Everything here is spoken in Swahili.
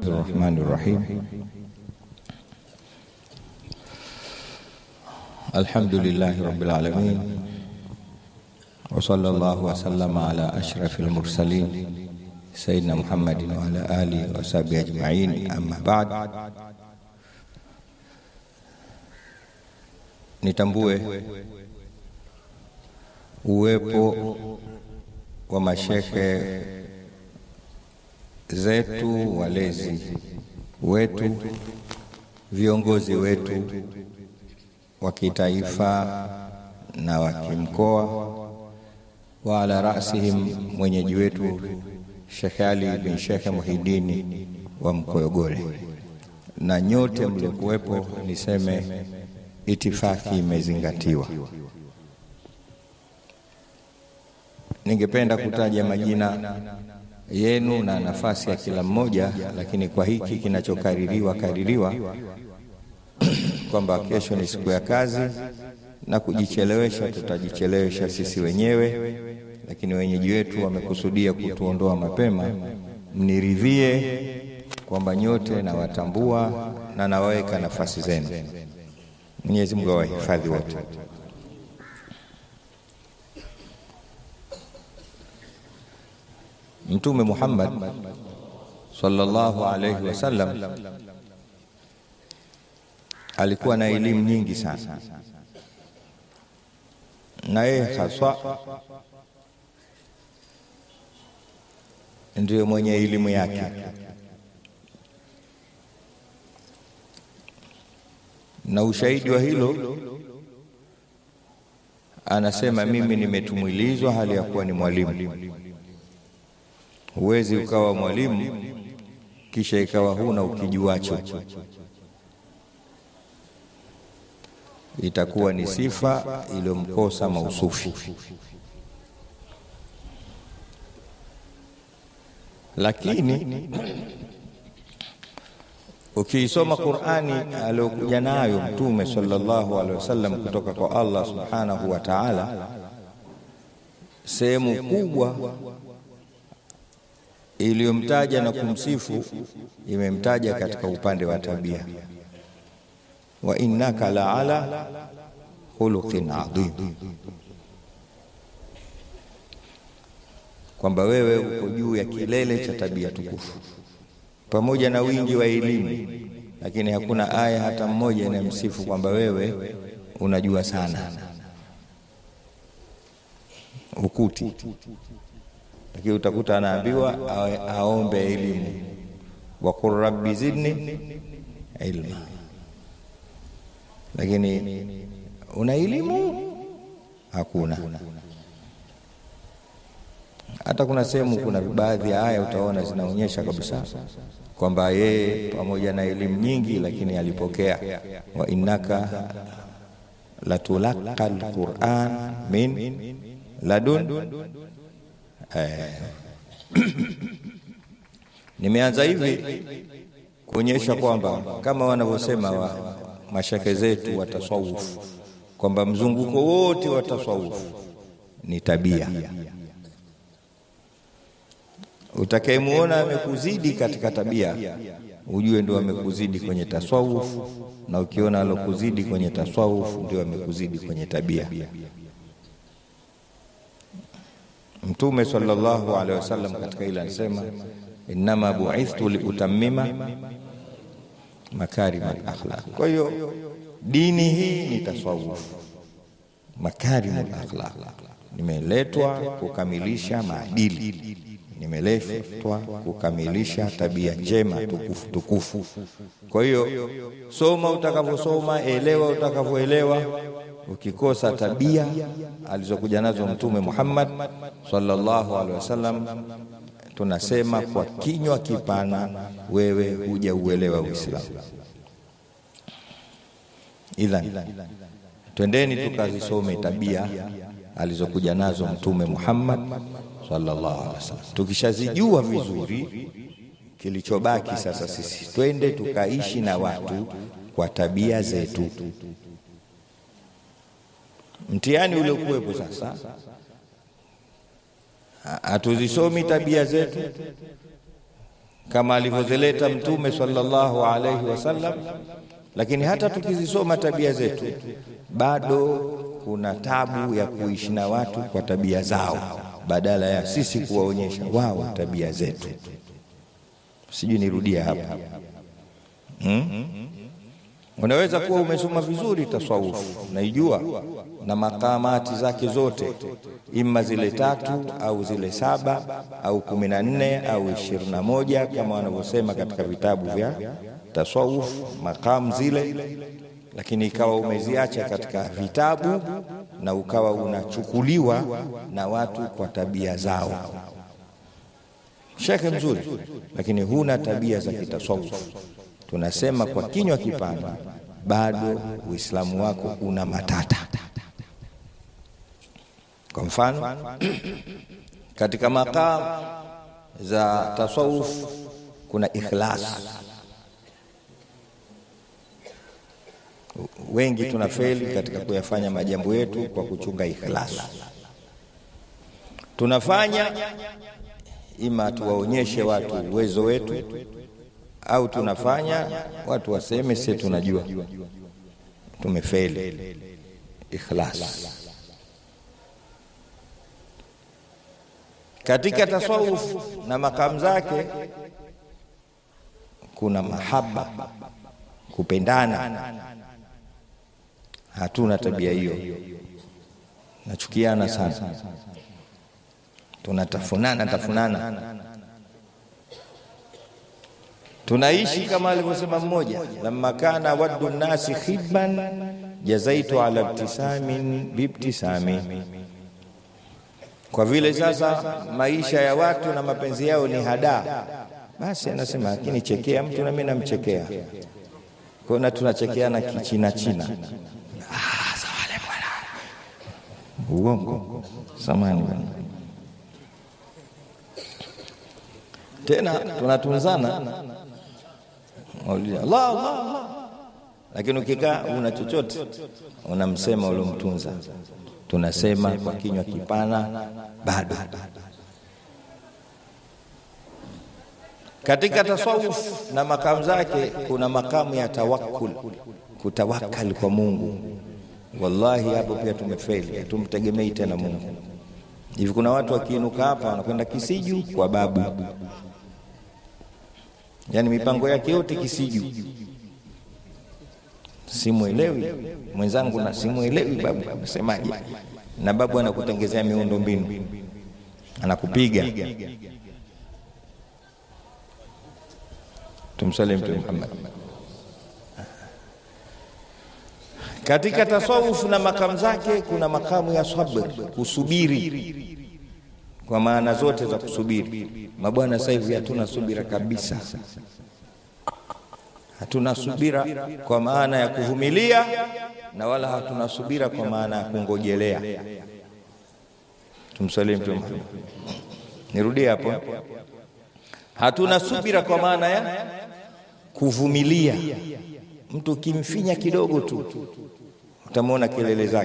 الرحمن الرحيم الحمد لله رب العالمين وصلى الله وسلم على أشرف المرسلين سيدنا محمد وعلى آله وصحبه أجمعين أما بعد nitambue uwepo wa mashehe zetu, walezi wetu, viongozi wetu wa kitaifa na wa kimkoa, wa ala rasihim mwenyeji wetu Sheikh Ali bin Sheikh Muhidini wa Mkoyogole na nyote mliokuwepo, niseme itifaki imezingatiwa. Ningependa kutaja majina yenu na nafasi ya kila mmoja, lakini kwa hiki kinachokaririwa kaririwa kwamba kesho ni siku ya kazi na kujichelewesha, tutajichelewesha sisi wenyewe, lakini wenyeji wetu wamekusudia kutuondoa mapema. Mniridhie kwamba nyote nawatambua na nawaweka nafasi zenu. Mwenyezi Mungu awahifadhi wote. Mtume Muhammad sallallahu alayhi wasallam alikuwa na elimu nyingi sana, na yeye haswa ndiyo mwenye elimu yake. Na ushahidi wa hilo anasema, mimi nimetumwilizwa hali ya kuwa ni mwalimu Huwezi ukawa mwalimu kisha ikawa huna ukijuacho, itakuwa ni sifa iliyomkosa mausufi. Lakini ukiisoma Qur'ani aliyokuja nayo Mtume sallallahu alaihi wasallam kutoka kwa Allah subhanahu wa ta'ala, sehemu kubwa iliyomtaja na kumsifu imemtaja katika upande wa tabia, wa innaka la ala khuluqin adhim, kwamba wewe uko juu ya kilele cha tabia tukufu, pamoja na wingi wa elimu. Lakini hakuna aya hata mmoja inayomsifu kwamba wewe unajua sana, ukuti lakini utakuta anaambiwa aombe elimu, waqul rabbi zidni ilma. Lakini una elimu hakuna. Hata kuna sehemu, kuna baadhi ya aya utaona zinaonyesha kabisa kwamba yeye pamoja na elimu nyingi, lakini alipokea wa innaka latulaqal Qur'an min ladun Eh, nimeanza hivi kuonyesha kwamba kama wanavyosema wa mashake zetu wa kwamba mzunguko wote wa ni tabia. Utakayemuona amekuzidi katika tabia, ujue ndio amekuzidi kwenye tasawufu, na ukiona alokuzidi kwenye tasawufu ndio amekuzidi kwenye tabia. Mtume sallallahu alaihi wasallam katika ile anasema, innama buithtu liutammima makarima alakhlaq. Kwa hiyo dini hii ni tasawuf, makarimu alakhlaq, nimeletwa kukamilisha maadili, nimeletwa kukamilisha tabia njema tukufu tukufu. Kwa hiyo soma utakavyosoma, elewa utakavyoelewa ukikosa tabia alizokuja nazo Mtume Muhammad sallallahu alaihi wasallam, tunasema kwa kinywa kipana, wewe hujauelewa Uislamu. Idhan, twendeni tukazisome tabia alizokuja nazo Mtume Muhammad sallallahu alaihi wasallam. Tukishazijua vizuri, kilichobaki sasa sisi twende tukaishi na watu kwa tabia zetu mtihani ule kuwepo. Sasa hatuzisomi tabia zetu kama alivyozileta Mtume sallallahu alaihi wasallam, lakini hata tukizisoma tabia zetu bado kuna tabu ya kuishi na watu kwa tabia zao badala ya sisi kuwaonyesha wao tabia zetu. Sijui nirudia hapa hmm? Unaweza kuwa umesoma vizuri tasawufu, naijua na makamati zake zote, ima zile tatu au zile saba au kumi na nne au ishirini na moja kama wanavyosema katika vitabu vya tasawuf makamu zile, lakini ikawa umeziacha katika vitabu na ukawa unachukuliwa na watu kwa tabia zao. Shekhe mzuri, lakini huna tabia za kitasawufu tunasema kwa kinywa kipana, bado Uislamu wako una matata. Kwa mfano katika maqam za tasawuf kuna ikhlas. Wengi tunafeli katika kuyafanya majambo yetu kwa kuchunga ikhlas. Tunafanya ima tuwaonyeshe watu uwezo wetu au tunafanya watu waseme, si tunajua tumefeli. Ikhlas katika tasawuf na makamu zake kuna mahaba, kupendana. Hatuna tabia hiyo, nachukiana sana, tunatafunana tafunana tunaishi kama alivyosema mmoja, lamma kana waddu nasi khibban jazaitu ala ibtisamin biibtisami, kwa vile sasa maisha ya watu na mapenzi yao ni hadaa, basi anasema akinichekea mtu nami namchekea kona, tunachekeana kichina china. Ah, Uongo samani bwana tena tunatunzana Allah Allah Allah, lakini ukikaa una chochote unamsema uliomtunza. Tunasema kwa kinywa kipana bado. Katika tasawuf na makamu zake kuna makamu ya tawakkul, kutawakal kwa Mungu. Wallahi hapo pia tumefeli, hatumtegemei tena Mungu. Hivi kuna watu wakiinuka hapa wanakwenda Kisiju kwa babu yani yaani mipango yake yote kisiju simwelewi mwenzangu, na simuelewi babu, nasemaje? Na babu anakutengezea miundo mbinu, anakupiga. Tumsalimu Mtume Muhammad. Katika tasawufu na makamu zake kuna makamu ya sabr, kusubiri kwa maana zote za kusubiri. Mabwana sasa hivi hatuna subira kabisa, hatuna subira kwa maana ya kuvumilia, na wala hatuna subira kwa maana ya kungojelea. Tumsalimu Mtume Muhammad. Nirudie hapo, hatuna subira kwa maana ya kuvumilia. Mtu ukimfinya kidogo tu utamwona kelele zake.